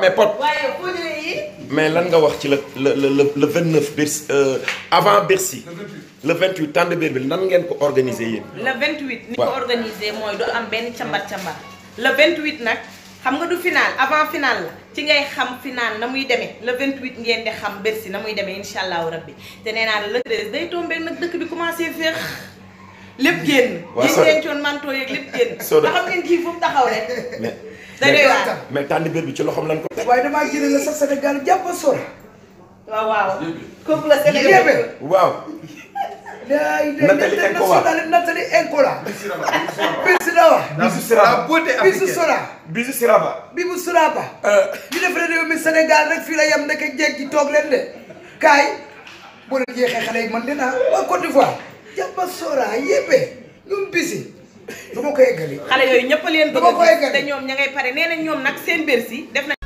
mais Pod mais lan nga wax ci la le le le vingt neuf Bercy euh, avant Bercy. le vingt huit Tandabér bi nan ngeen ko organiser yéen. le vingt huit ni ko organiser mooy du am benn càmbar càmbar. le vingt huit nag xam nga du final avant final la ci ngay xam final na muy demee la vingt huit ngeen di xam Bercy na muy demee incha allahu rabbi te nee naa le treize day tombé nag dëkk bi commencé féex. lépp génn. waaw soo de yi ñu dencoon manteau génn. soo ngeen kii fu mu taxaw mais tànn bi ci loxoom lañ ko. waaye damaa jëlee la sax Sénégal jàpp sor waaw waaw. kooku la Sénégal la beauté africaine Sora. Bijou Siraba. Bijou Siraba. Euh. ñu def réew mi Sénégal rek fii la yem nekk jéeg ji toog leen de kaay boo leen jeexee xale yi man dinaa waa Côte sora yébe ñun bisi. du ma ko eggali. xale yooyu ñëpp a leen bëgg a gis te ñoom ña pare nee na ñoom nag seen Bercy def na